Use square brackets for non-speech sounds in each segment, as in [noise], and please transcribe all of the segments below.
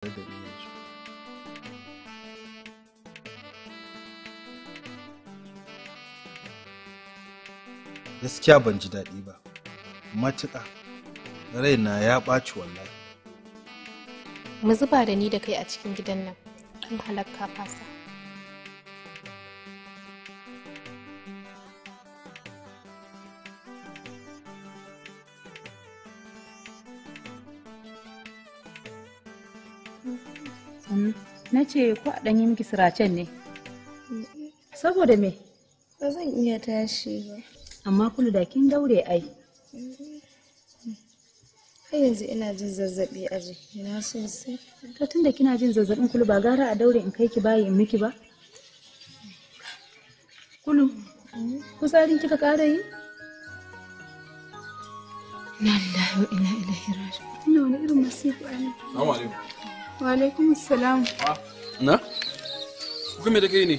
gaskiya ban ji daɗi ba matuƙa raina ya ɓaci wallahi mu zuba da ni da kai a cikin gidan nan an halakka fasa na ce ko a ɗan yi miki siracen ne saboda me ba zan iya tashi ba amma kulu da kin daure ai har yanzu ina jin zazzabi a jikina sosai to da kina jin zazzabin kulu ba gara a daure in kai ki bayi in miki ba kulu kusarin kika ƙara yi Lallahi wa ina ilahi raji. Ina wani irin masifu a nan. alaikum. Wa salam. Na? Kuka me take ne?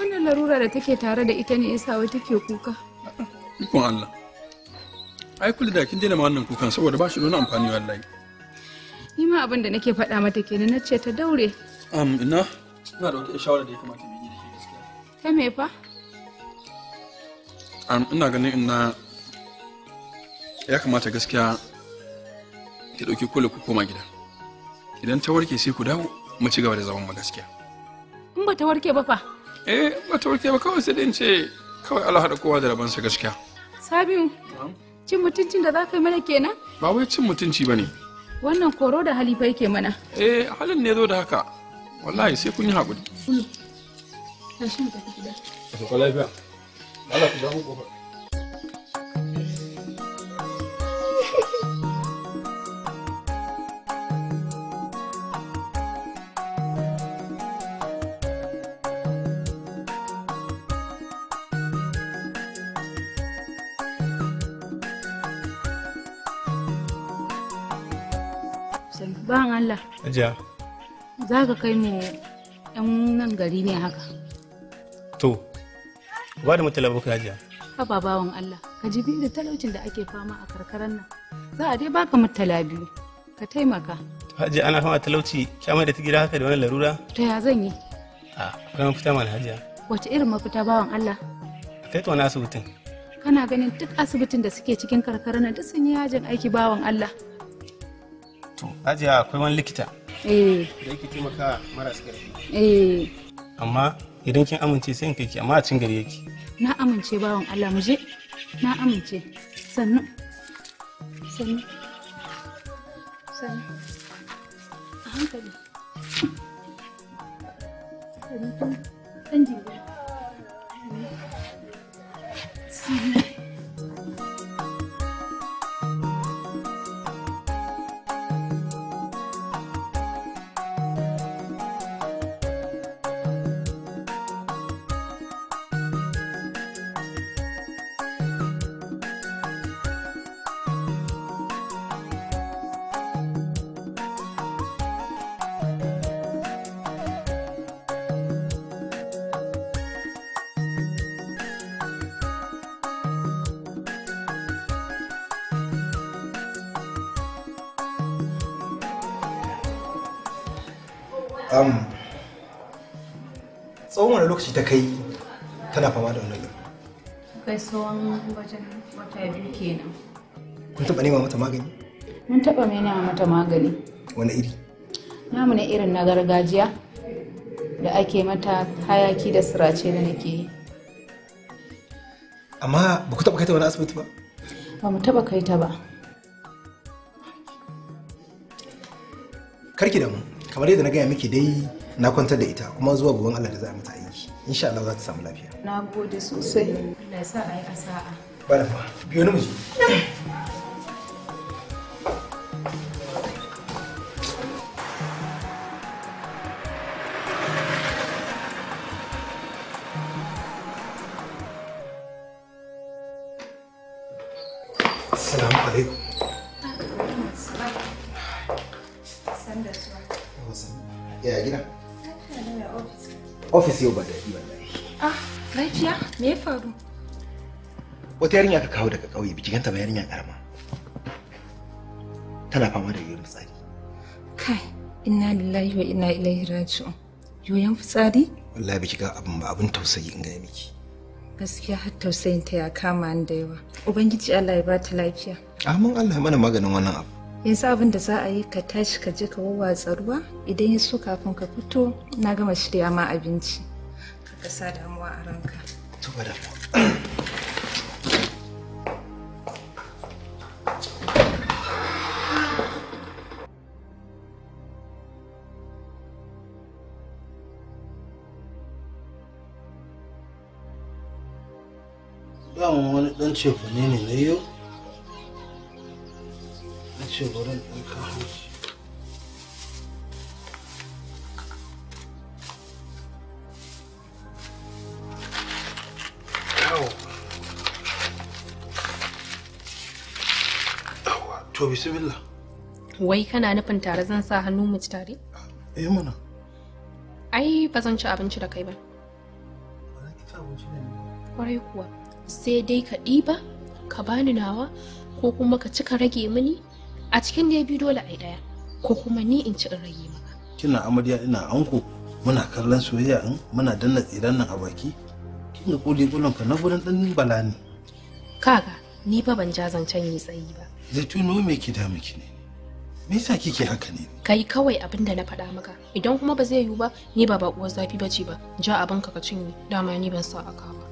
Wannan larura da take tare da ita ne yasa wata ke kuka. Ikon Allah. Ai kula da kin daina ma wannan kukan saboda ba shi da amfani wallahi. Ni ma abin da nake faɗa mata kenan na ce ta daure. Am ina? Ina da wata shawara da ya kamata mai yi da ke gaskiya. Ta me fa? Am ina ganin ina ya kamata gaskiya ki ɗauki kula ku koma gida. idan ta warke sai ku dawo mu ci gaba da zaman mu gaskiya in ba ta warke ba fa eh ba ta warke ba kawai sai dince ce kawai Allah hada kowa da sa gaskiya Sabiu cin mutuncin da za ka yi mana kenan ba wai cin mutunci bane wannan koro da halifa yake mana eh halin ne zo da haka wallahi sai kun yi hakuri ka lafiya. Allah ku dawo gobe. Ban Allah. Ajiya. Za ka kai mu ɗan nan gari ne haka. To, ba da mutala buka ajiya. Haba bawan Allah, ka ji da talaucin da ake fama a karkarar nan. Za a dai baka mutala biyu, ka taimaka. Hajiya ana fama talauci, kyamar da ta gida haka da wani larura? To ya zan yi? A, kuma mafita mana hajiya. Wace irin mafita bawan Allah? Kai to wani asibitin. Kana ganin duk asibitin da suke cikin karkara na duk sun yi yajin aiki bawan Allah. to ajiya akwai wani likita eh. da yake taimaka maras ƙarfi eh. amma idan kin amince sai kai ki amma a cin gari yake na amince bawan Allah mu je na amince sannu sannu sannu a hankali sannu um, tsawon wani lokaci ta kai tana fama da wannan kai tsawon wajen wata biyu kenan Mun taɓa nema mata magani mun taɓa nema mata magani wani iri namu na irin na gargajiya da ake mata hayaki da sirace da nake yi amma ba ku taɓa kai ta wani asibiti ba ba mu taɓa kai ta ba karki da mu kamar yadda na gaya miki dai na kwantar da ita kuma zuwa gaban Allah da za a mata aiki insha Allah za ta samu lafiya na gode sosai na ya sa a yi asa'a fa biyo ni mu [laughs] su yau ba daɗi wallahi. Ah, lafiya? Me ya faru? Wata yarinya ka kawo daga ƙauye biki ganta ba yarinya karama. Tana fama da yoyon fitsari. Kai, inna lillahi wa inna ilaihi raji'un. Yoyon fitsari? Wallahi biki ga abin ba abin tausayi in ga miki. Gaskiya har tausayin ta ya kama ni da yawa. Ubangiji Allah ya ta lafiya. Amin Allah ya mana maganin wannan abu. yanzu abin da za a yi ka tashi ka je ka wawwatsa ruwa idan ya so kafin ka fito na gama shirya ma abinci kasa damuwa a ranka. Dama wani ɗan cefa ne ne na yau? Na ce bari ɗan To bismillah. Wai kana nufin tare zan sa hannu mu ci tare? Eh mana. Ai ba zan ci abinci da kai ba. Kwarai kuwa. Sai dai ka ɗiba, ka bani nawa, ko kuma ka cika rage mini a cikin da ya bi dole ai daya ko kuma ni in ci in rage maka. Kina amarya ina anko muna kallon soyayya in muna danna tsiran nan a baki. Kin ga kuli ka na gurin dan bala ne. Kaga ni fa ban ja zancen yi tsayi ba zaitunu me ki da miki ne me yasa kike haka ne kai kawai abin da na faɗa maka idan kuma ba zai yiwu ba ni ba bakuwar zafi ba ce ba ja abin ka ka cinye dama ni ban sa aka ba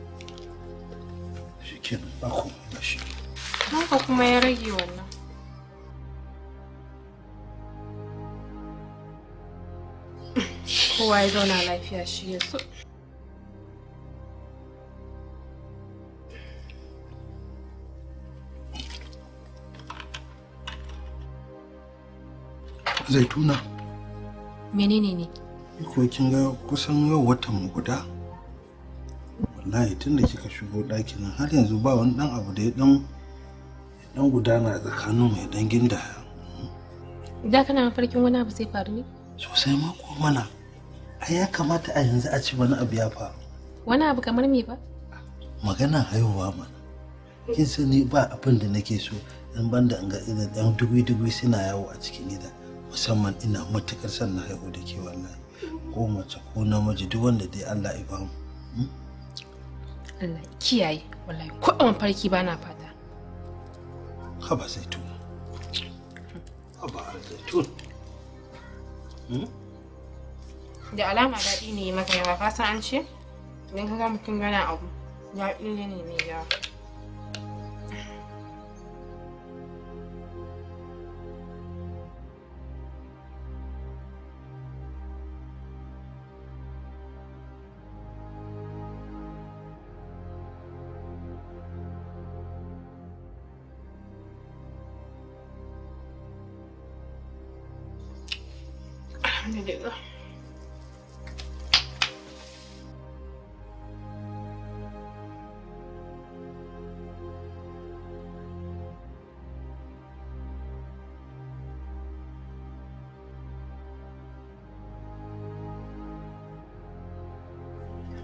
Shikin, ba ku da shi haka kuma ya rage wannan kowa ya zauna lafiya shi ya so zaituna menene ne ko kin ga kusan yau watan mu guda wallahi tun da kika shigo ɗakin nan har yanzu ba wani dan abu da ya dan dan gudana tsakanin mai dan ginda da kana farkin wani abu zai faru ne sosai ma ko mana ai ya kamata a yanzu a ci wani abu ya faru wani abu kamar me ba magana haihuwa mana kin sani ba abin da nake so in banda in ga dan dubi dubi suna yawo a cikin gida musamman ina matukar son na haihu da ke wallahi ko mace ko namiji duk wanda dai Allah ya bamu hmm? Allah kiyaye wallahi ko a farki ba na fata haba zaitun haba to hmm? da alama daɗi ne maka yawa ka san an ce idan ka ga mutum gana abu daɗi ne ne mai yawa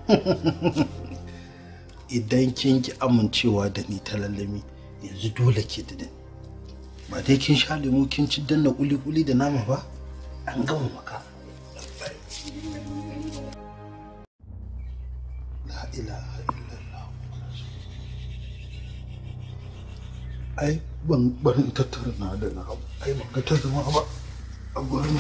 [laughs] idan kin ki amincewa da ni ta lallami yanzu dole ke da ni ba dai kin sha lemu kin ci danna kuli-kuli da nama ba an gama maka la ilaha illallah ai ban barin tattara na da na ai ban ka ta ba a gurin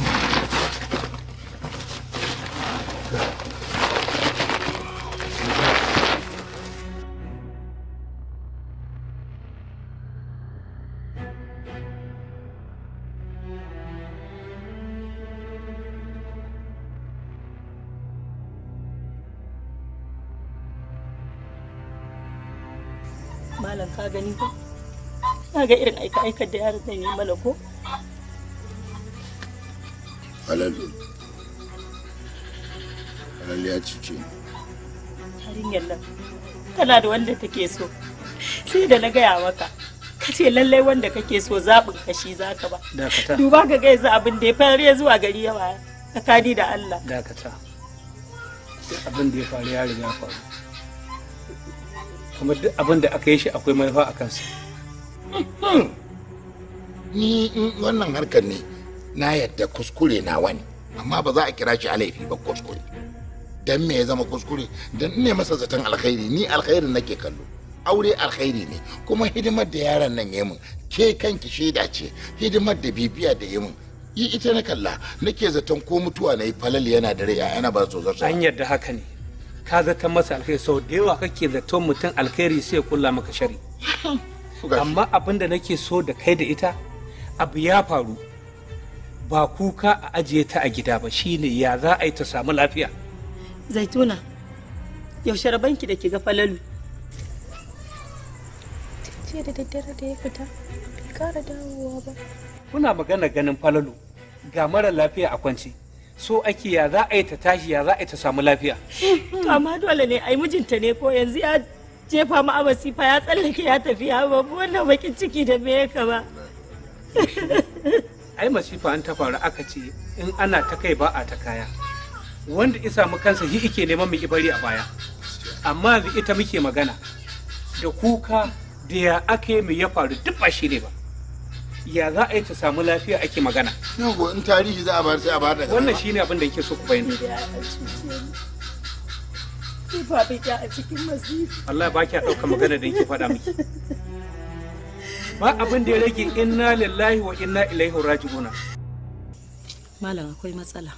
ga irin aika aikar da yaron zai yi mana ko alalu alalu ya cuce Harin nan tana da wanda take so sai da na gaya maka ka ce lallai wanda kake so zaɓin kashi za ka ba Dakata. duba ga gai za abin da ya fara zuwa gari yawa tsakani da Allah dakata abin da ya faru ya riga faru kuma duk abin da aka yi shi akwai manufa a kansa ni wannan harkar ne na yadda kuskure na wani amma ba za a kira shi alaifi ba kuskure dan me ya zama kuskure dan ne masa zaton alkhairi ni alkhairin nake kallo aure alkhairi ne kuma hidimar da yaron nan yayi mun ke kanki shaida ce hidimar da bibiya da ya mun yi ita na kalla nake zaton ko mutuwa na yi yana da rai yana ba su zata an yarda haka ne ka zata masa alkhairi sau da yawa kake zaton mutum alkhairi sai ya kulla maka shari [laughs] amma abin da nake so da kai da ita abu ya faru ba kuka a ajiye ta a gida ba shine ya za a yi ta samu lafiya zaituna yaushe rabanki da ke ga falalu jiya da daddare da ya fita bai kara dawowa ba kuna magana ganin falalu ga mara lafiya a kwance so ake ya za a yi ta tashi ya za a yi ta samu lafiya amma dole ne ai mijinta ne ko yanzu ya jefa mu a masifa ya tsallake ya tafi ya babu wannan bakin ciki da me yaka ba [laughs] ai masifa an ta faru aka ce in ana ta kai ba a ta kaya wanda ya samu kansa shi ike neman mu bari a baya amma yanzu ita muke magana da kuka da ya ake mu ya faru duk ba shi ne ba ya za a yi ta samu lafiya ake magana. Yau in tarihi za a bar sai a bayar da Wannan shine abin da yake so ku bayyana. kifa bika a cikin masifa Allah ba ki ɗauka magana da yake faɗa miki ba abin da ya rage inna lillahi wa inna ilaihi raji'una malam akwai matsala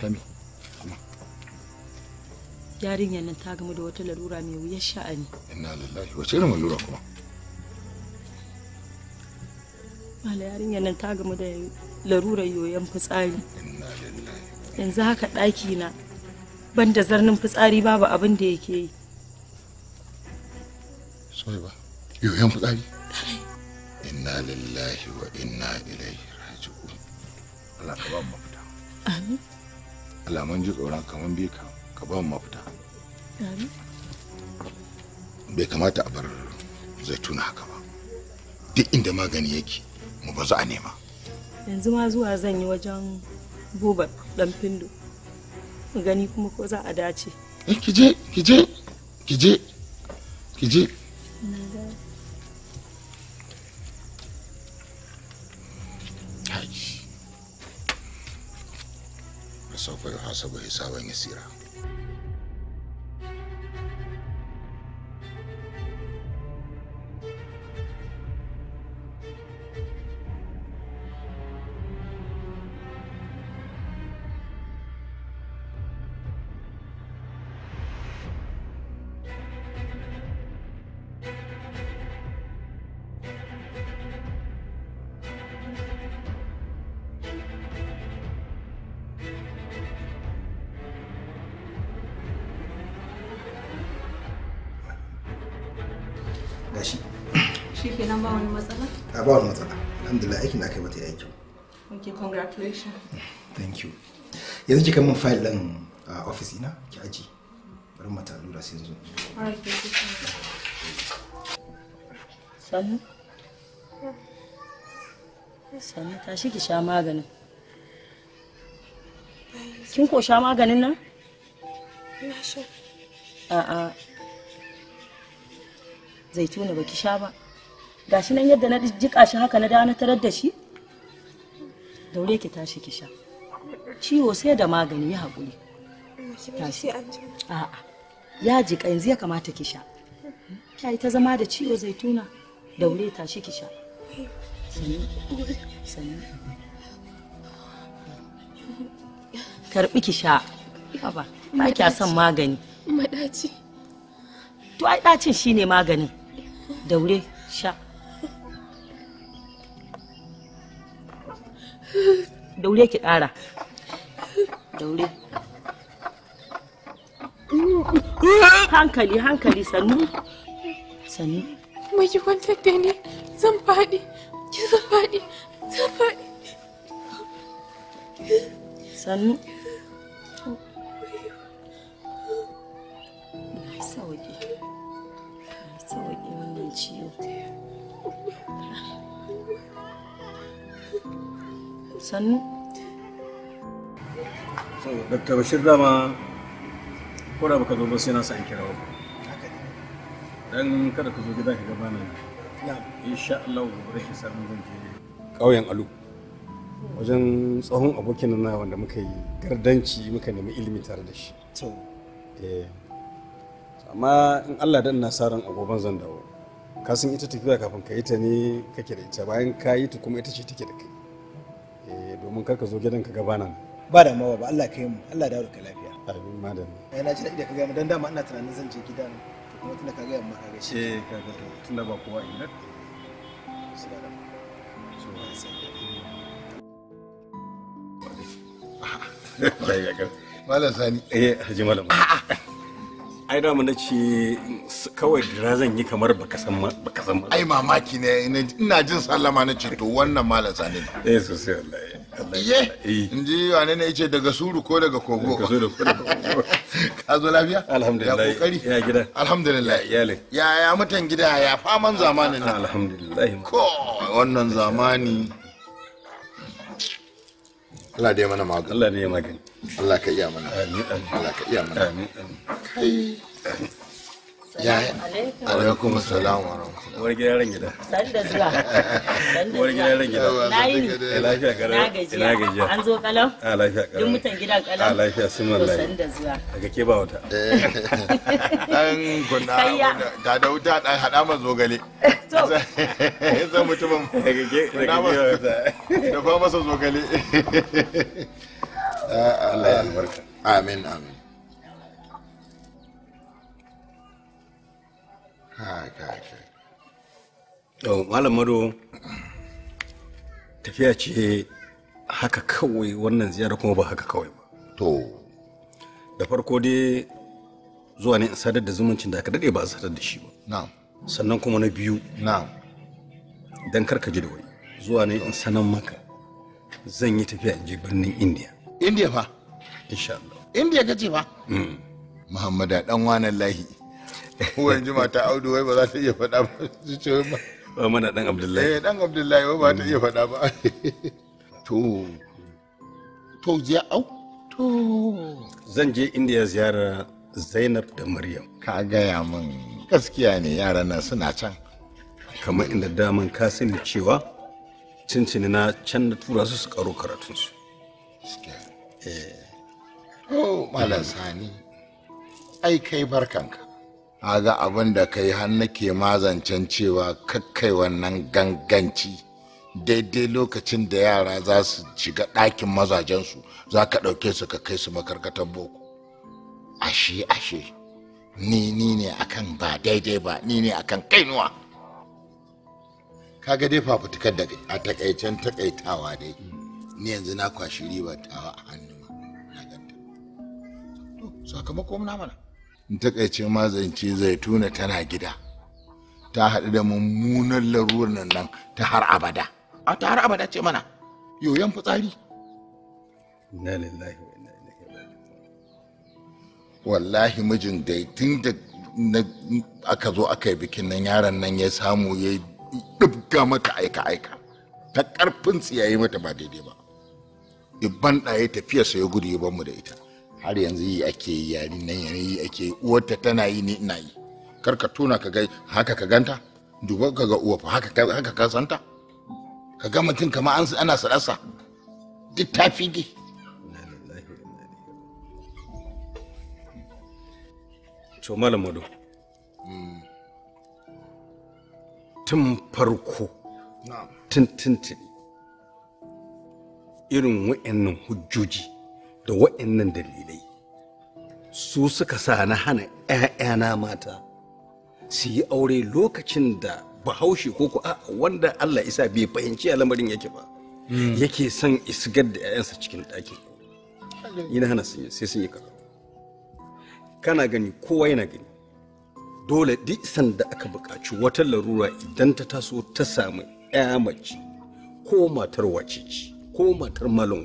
kami Yarin nan ta gama da wata larura mai wuyar sha'ani inna lillahi wace irin larura kuma mala yarin nan ta gama da larurar yoyon fitsari Inna lillahi. yanzu haka ɗaki na ban da zarnin fitsari babu abin da yake yi sorry ba yoyon fitsari inna lillahi wa inna ilaihi raji'un Allah ka ba mu mafita amin Allah mun ji tsoron kaman bai ka ka ba mu mafita amin bai kamata a bar zaituna haka ba duk inda magani yake mu bazu a nema yanzu ma zuwa zan yi wajen buba dan findo mu gani kuma ko za a dace kije eh, kije kije kije ki gashi shi kenan ba wani matsala a ba wani matsala alhamdulillah aikin da aka yi mata yayi kyau okay congratulations thank you yanzu kika min file din a office ina ki aji bari mata lura sai zo sannu sannu tashi ki sha maganin kin ko sha maganin nan na sha a'a zaituna baki sha ba gashi nan yadda na jika shi haka na da na tarar da shi daure ki tashi ki sha ciwo sai da magani ya haƙuri tashi a'a ya jika yanzu ya kamata ki sha kai ta zama da ciwo zaituna daure tashi ki sha sannan karbi ki sha ba ba kya son magani madaci to ai dacin shine maganin daure sha daure ki ƙara daure hankali hankali sannu sannu mai kwantar da ni zan faɗi ki zan faɗi zan faɗi sannu ciwo sannu so dr bashir dama ko da baka zo ba sai na san kira ba dan kada ka zo gida ka gaba nan insha Allah gobe ki san zan je ƙauyen alu wajen tsohon abokin na wanda muka yi gardanci muka nemi ilimi tare da shi to eh amma in Allah dan na sa ran agoban zan dawo ka san ita tafiya kafin ka yi ta ne kake da ita bayan ka yi ta kuma ita ce take da kai eh, domin kar ka zo gidan ka gaba nan ba da mawa ba Allah ka yi mu Allah dawo da ka lafiya amin madan ai eh, na ji da ka ga mu dan dama ina tunanin zan je gidan to kuma tunda ka ga mu ka ga shi eh ka ga tunda ba kowa ina [laughs] Malam Sani. Eh, Haji Malam. A'a. ai da na ce kawai dira zan yi kamar baka san ma baka san ma ai mamaki ne ina jin sallama na ce to wannan malam sani ne eh sai wallahi ye eh. in ji wane ne yace daga suru ko daga kogo ka suru ko daga kogo [laughs] ka zo lafiya alhamdulillah ya kokari ya gida alhamdulillah iyale ya ya mutan gida ya faman zamanin nan alhamdulillah ko wannan zamani Allah da ya mana magani Allah ne ya magani Allah ka iya mana Allah ka iya mana kai alaikum wa rahmatullahi wani gidan ran gida na eh, an zo ah, lafiya ah, da zuwa ba wata [laughs] eh. dan da da wuta hada ma masa zogale [laughs] Allah ya albarka amin amin malam mado tafiya ce haka kawai wannan ziyara kuma ba haka kawai ba to da farko dai zuwa ne in sadar da zumuncin da aka daɗe ba a sadar da shi ba sannan kuma na biyu don karka ji da wani zuwa ne in sanan maka zan yi tafiya in je birnin indiya indiya fa insha Allah indiya kace fa hmm. a dan wanan lahi wani juma ta audu wai ba za ta iya faɗa ba su ce ba ba mana dan abdullahi eh dan abdullahi wai ba ta iya faɗa ba [laughs] to to je au to zan je indiya ziyara zainab da maryam ka gaya min gaskiya ne yaran nan suna can kamar inda daman ka sani cewa cincini na can da tura su su karo karatunsu Eh. oh malam sani ai kai barkanka ga abin da kai har nake mazancen cewa kakkai wannan ganganci daidai lokacin da yara za su shiga ɗakin mazajensu za ka ɗauke su ka kai su makarkatar boko ashe ashe ni ni ne akan ba daidai ba ni ne akan kainuwa kaga dai fafutukar da a takaicen takaitawa dai ni yanzu na kwashi ribar tawa a hannu Sakamakon na mana in takaice ma zance zaituna tana gida ta haɗu da mummunan larurar nan nan ta har abada a ta har abada ce mana yoyon fitsari inna lillahi wa inna ilaihi wallahi mijin dai tun da aka zo aka yi bikin nan yaron nan ya samu ya dubga mata aika aika ta karfin tsiyaye mata ba daidai ba ibban ɗaya tafiyarsa ya gudu ya mu da ita har yanzu yi ake yi yari nan yi ake yi uwarta tana yi ni ina yi kar ka tuna ka ga haka ka ganta duba ka ga uwa fa haka haka ka santa ka ga mutum kamar an ana sarasa duk ta fige to malam mado tun farko tun tuntuni irin wa'annan hujjoji da wa'annan dalilai su suka sa na hana 'ya'yana mata su yi aure lokacin da bahaushe ko ku wanda Allah isa bai fahimci lamarin yake ba hmm. yake son isgar da 'ya'yansa cikin ɗaki yana hana sun yi sai sun yi karatu kana gani kowa yana gani dole duk sanda aka buƙaci wata larura idan ta taso ta samu 'ya mace ko matar wacici ko matar malam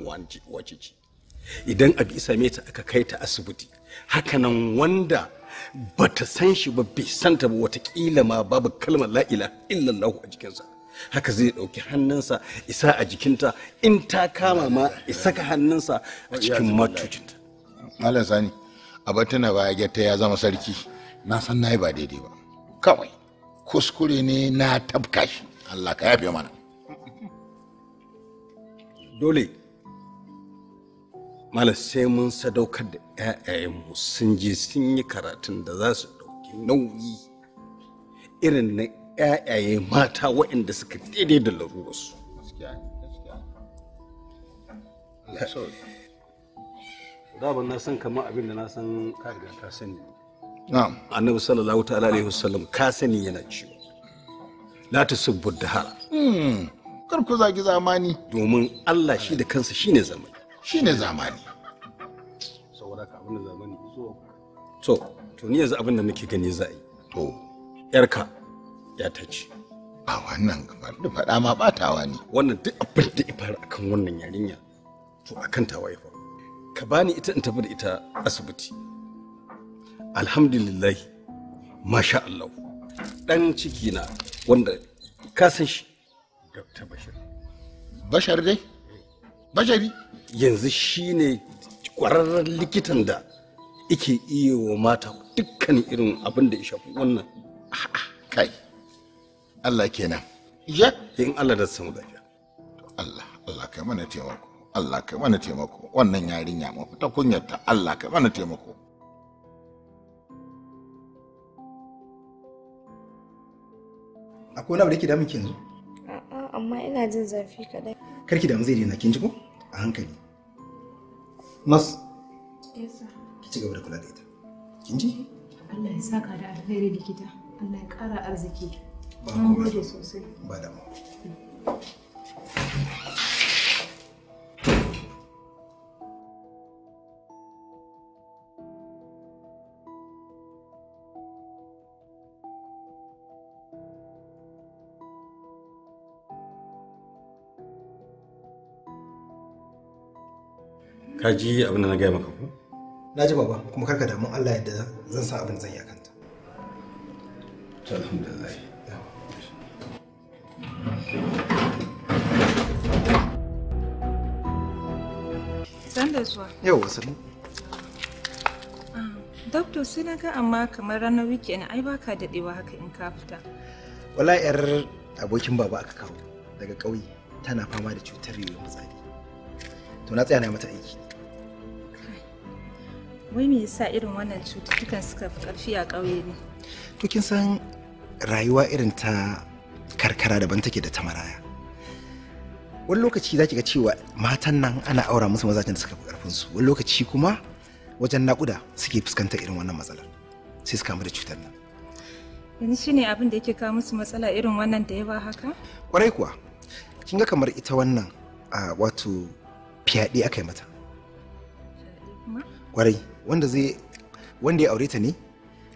wacici idan abu same ta aka kai ta asibiti hakanan wanda ba ta san shi ba bai santa ba watakila ma babu kalmar la'ila illallahu a jikinsa haka zai ɗauki hannunsa isa a jikinta in ta kama ma isa ka hannunsa a cikin matucinta malam sani abatuna ya gyatta ya zama sarki na san na yi ba daidai ba kawai kuskure ne na tabka shi allah ka yafe mana dole malas sai mun sadaukar da mu sun je sun yi karatun da za su ɗauki nauyi irin na ƴaƴaye mata waɗanda suka daidai da larurarsu. Daban na san kamar abin da na san ka riga ka sani. Annabi sallallahu ta'ala alaihi wasallam ka sani yana ciwo. La ta subbu dahara. Hmm. Kar ku zagi zamani. Domin Allah shi da kansa shine zamani. shine zamani saboda ka abin zamani zo to to ni yanzu abin da nake gani za a yi to yarka ya tace a wannan da faɗa ma batawa ne wannan duk abin da ya faru akan wannan yarinya to akan tawa ya ka bani ita in tafi da ita asibiti alhamdulillah masha Allah dan ciki na wanda ka san shi Dr. Bashir Bashar dai bashari yanzu shine kwararren likitan da ike iya wa mata dukkan irin abin da ya shafi wannan kai Allah kenan ya in Allah da samu lafiya Allah Allah kai mana taimako Allah kai mana taimako wannan yarinya mafita kunyarta Allah kai mana taimako akwai wani abu da yake damun ki yanzu amma ina jin zafi kadai karki da zai daina kinji ko a hankali mas ki ci gaba da kula da ita Kinji? Allah ya saka da alheri likita Allah ya kara arziki ba komai sosai ba da mu ka ji abin da na gaya maka ko na ji baba kuma karka damu Allah yadda zan sa abin zan yi akan ta alhamdulillah san da zuwa yau wasanni ah, Dokto sai na ga amma kamar ranar weekend ai baka dadewa haka in ka fita. Wala yar abokin baba aka kawo daga ƙauye tana fama da cutar yoyon fitsari. To na tsaya na mata aiki. wai me yasa irin wannan cututtukan suka fi ƙarfi a ƙauye ne to kin san rayuwa irin ta karkara daban take da ta maraya wani lokaci za ki ga cewa matan nan ana aura musu mazajen da suka fi ƙarfin su wani lokaci kuma wajen naƙuda suke fuskantar irin wannan matsalar sai su kamu da cutar nan yanzu shine abin da yake kawo musu matsala irin wannan da yawa haka kwarai kuwa kin ga kamar ita wannan wato fiyaɗe aka yi mata kwarai wanda zai wanda ya aure ta ne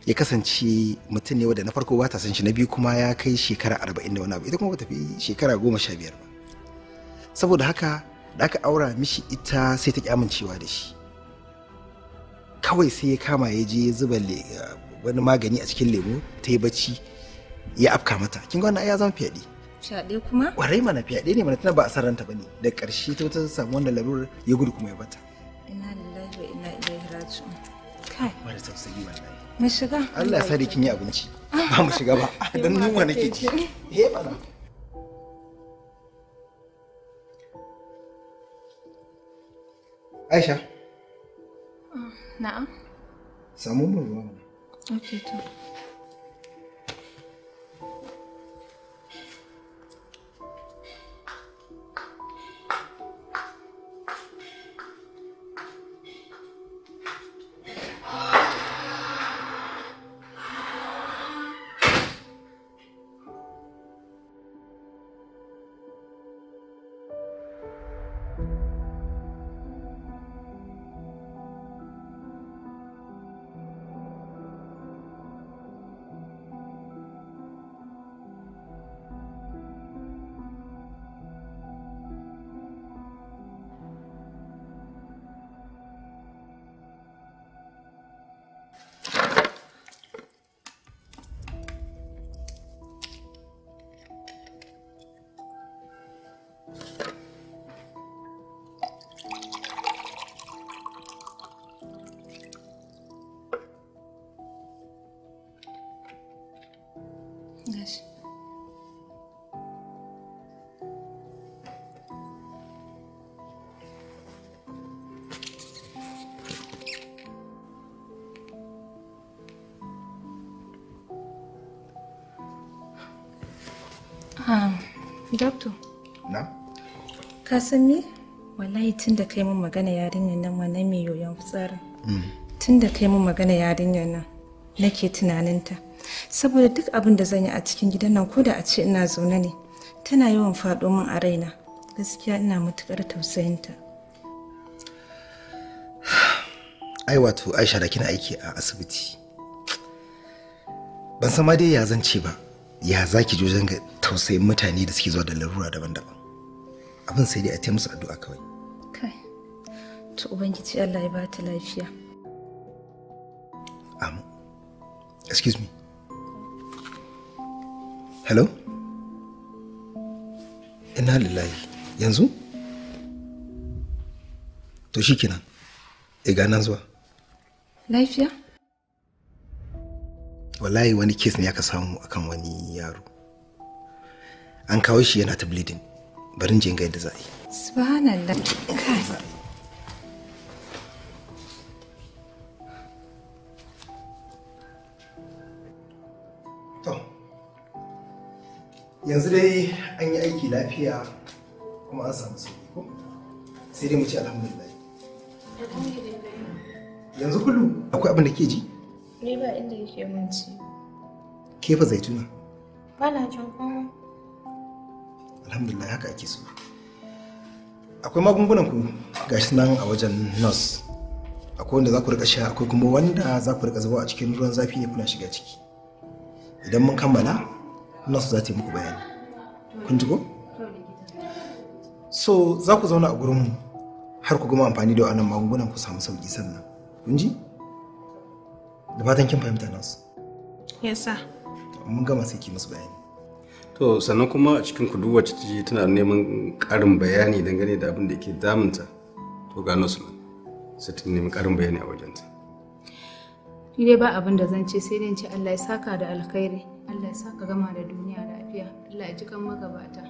ya kasance mutum ne wanda na farko ba ta san shi na biyu kuma ya kai shekara arba'in da wani abu ita kuma ba fi shekara goma sha biyar ba saboda haka da aka aura mishi ita sai ta amincewa da shi kawai sai ya kama ya je zuba wani magani a cikin lemu ta yi bacci ya afka mata kin ga wannan ya zama fyaɗe fyaɗe kuma warai mana fyaɗe ne mana tana ba a san ranta ne da ƙarshe ta wata samu wanda larurar ya gudu kuma ya bata bacci kai mara tausayi mu shiga Allah sa da kin yi abinci ah. ba mu shiga ba dan ci he Aisha ah, na'am samu ruwa okay to Yes. ne ah, Na? Ka san Wallahi tun da kai mun magana yarinyar nan wannan mai yoyon fitsarin. Mm. Tun da kai mun magana yarinyar nan nake tunaninta. saboda duk abin da zan yi a cikin gidan nan ko da a ce ina zaune ne tana yawan faɗo min a raina gaskiya ina matuƙar tausayinta [sighs] ai wato aisha da kina aiki a asibiti ban sama dai ya zance ba ya za ki jojen ga tausayin mutane da suke zuwa da larura daban-daban abin sai dai a ce musu addu'a kawai kai to ubangiji allah ya ba ta lafiya amu excuse me hello ina lillahi yanzu to shi kenan iga eh, nan zuwa lafiya wallahi wani kes ne aka samu akan wani yaro an kawo shi yana ta bleeding barin je ga yadda za a yi subhanallah yanzu dai an yi aiki lafiya kuma an samu sauki ko sai dai mu ce alhamdulillah yanzu kullu akwai abin da ke ji ni ba inda yake mun ci ke fa zaituna ba na jin komai alhamdulillah haka ake so akwai magungunan ku gashi nan a wajen nurse akwai wanda za ku rika sha akwai kuma wanda za ku rika zuba a cikin ruwan zafi ne kuna shiga ciki idan mun kammala nurse za ta yi muku bayani kun ji ko so za ku zauna a gurinmu har ku gama amfani da wannan magungunan ku samu sauki sannan kun ji da fatan kin fahimta nasu yes sir mun gama sai ki musu bayani to sannan kuma a cikin ku duk wacce tana neman ƙarin bayani dangane da abin da yake damunta to ga nasu nan sai ta nemi ƙarin bayani a wajenta ni dai ba abin da zan ce sai dai in ce Allah ya saka da alkhairi Allah ya saka ka gama da duniya lafiya Allah ya ji kan magabata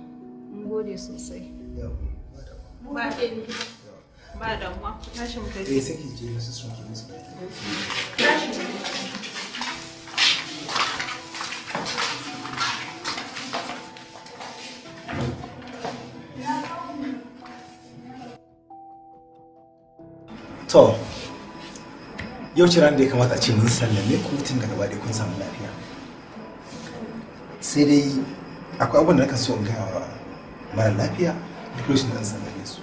mun gode sosai ba ɗin ba damuwa tashin kai eh sai ki je wasu sun ki musu To, yau ciran da ya kamata a ce mun sallame ko mutum daga da kun samu lafiya. sai dai akwai abin da ka so ga mara lafiya duk lokacin da sallame su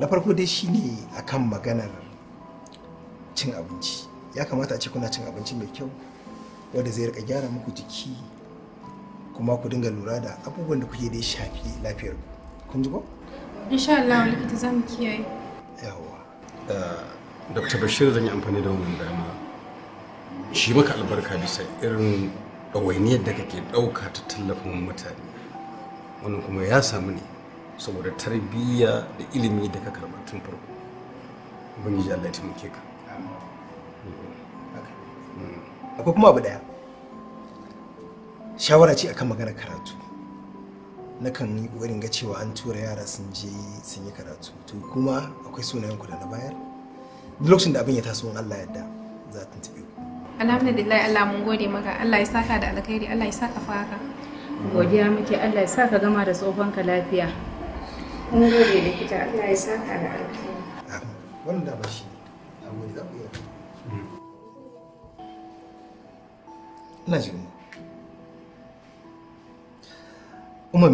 na farko dai shine akan maganar cin abinci ya kamata a ce kuna cin abinci mai kyau wanda zai rika gyara muku jiki kuma ku dinga lura da abubuwan da kuke da shafi lafiyar kun ji ko insha Allah likita za mu kiyaye yawa eh, Dr. Bashir zan yi amfani da wannan dama shi maka albarka bisa irin ɗawainiyar da kake ɗauka ta tallafin mutane wannan kuma ya samu ne saboda tarbiyya da ilimi da ka karɓa tun farko ubangiji Allah ya muke ka akwai kuma abu daya shawara ce akan magana karatu na kan yi ga cewa an tura yara sun je sun yi karatu to kuma akwai sunayen ku da na bayar duk lokacin da abin ya taso in Allah ya yarda za ta tafi alhamdulillah Allah mun gode maka Allah ya saka da alkhairi Allah ya saka faka godiya muke Allah ya saka gama da ka lafiya mun gode likita Allah ya saka da alkhairi wanda ba shi a gode za ku iya ina umma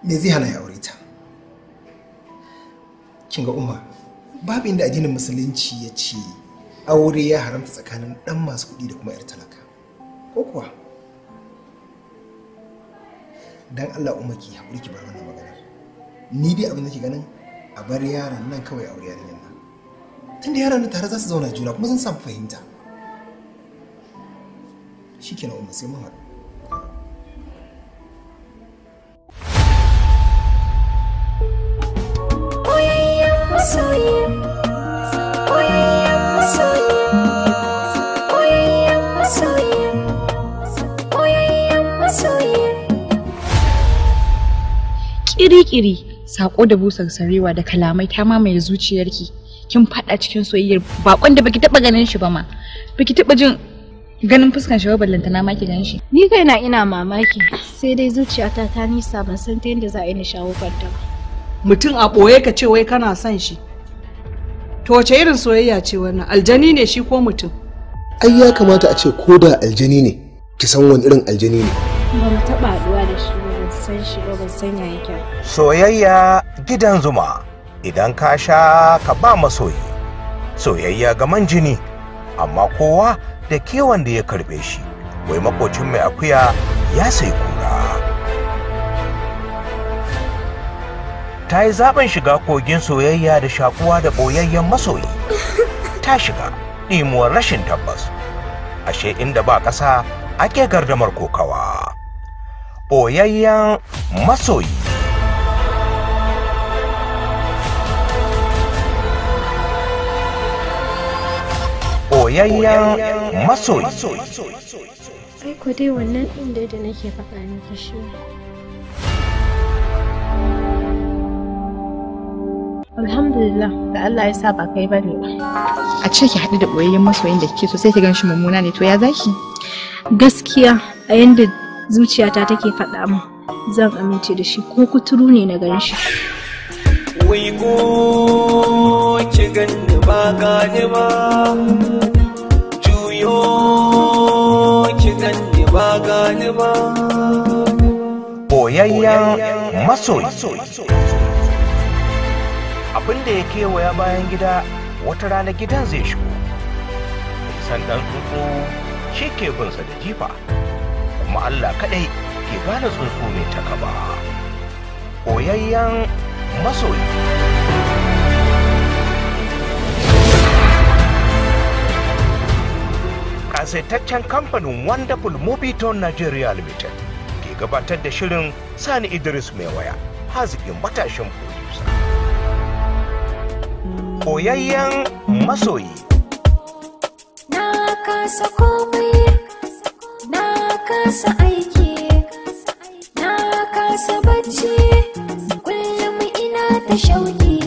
me zai hana ya aure ta kin ga umma babu inda addinin musulunci ya ce aure ya haramta tsakanin ɗan masu kuɗi da kuma 'yar talaka ko kuwa dan Allah umma ki haƙuri ki bar wannan magana ni dai abin da ke ganin a bar yaran nan kawai aure yarinyar nan da yaran nan tare za su zauna juna kuma sun samu fahimta shikenan umma sai mun haɗu kiri-kiri sako da busar sarewa da kalamai ta mamaye zuciyarki kin fada cikin soyayyar baƙon da baki taba ganin shi ba ma baki taba jin ganin fuskan shi ballanta na maki ganin shi ni kaina ina mamaki sai dai zuciyata ta nisa ban san ta yadda za a yi ni shawo kanta ba mutum a ɓoye ka ce wai kana son shi to wace irin soyayya ce wannan aljani ne shi ko mutum ai ya kamata a ce ko da aljani ne ki san wani irin aljani ne ba mu taɓa haɗuwa da shi san shi ba ban san yake soyayya gidan zuma idan ka sha ka ba masoyi soyayya ga man jini amma kowa da kewan da ya karbe shi wai makocin mai akuya ya sai kura ta yi zaben shiga kogin soyayya da shakuwa da boyayyen masoyi ta shiga ɗimuwar rashin tabbas ashe inda ba ƙasa ake gardamar kokawa. ɓoyayyen masoyi ɓoyayyen masoyi ai ku dai wannan inda da nake faɗa miki shi alhamdulillah da Allah ya sa ba kai bane ba a ce ki haɗu da ɓoyayyen masoyin da kike so sai ki gan shi mummuna ne to ya zaki gaskiya a yanda zuciyata take faɗa min zan amince da shi ko kuturu ne na gan shi wai ko ki gani ba gane ba juyo ki gani ba gane ba boyayyen masoyi abin da ya kewaya bayan gida wata rana gidan zai shigo Sannan dan shi ke bunsa da jifa kuma Allah kaɗai ke gane tsurku mai takaba. Koyayyen masoyi. Kasaitaccen kamfanin Wonderful Movie Nigeria Limited ke gabatar da shirin Sani Idris mai waya, haziƙin matashin producer. Koyayyen masoyi. Na kasa komai kasa aiki na kasa bacci kullum ina ta shauki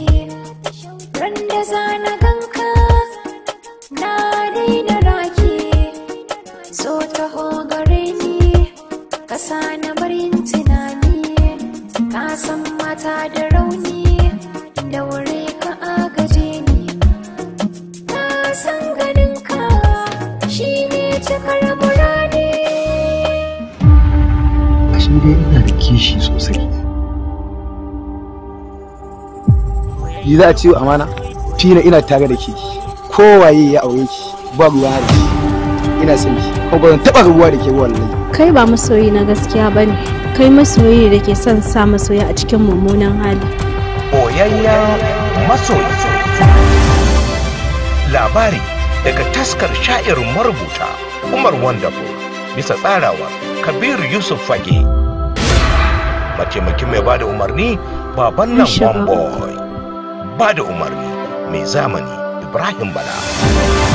ni za a ciwo amana fina ina tare da ke kowaye ya aure ki ba ruwa da ke ina son ki kuma ba zan taba ruwa da ke wallahi kai ba masoyi na gaskiya ba ne, kai masoyi da ke son sa masoyi a cikin mummunan hali boyayya masoyi labari daga taskar sha'ir marubuta umar wonderful bisa tsarawa kabiru yusuf fage mataimakin mai bada umarni baban nan one boy ba da umarni mai zamani Ibrahim Bala.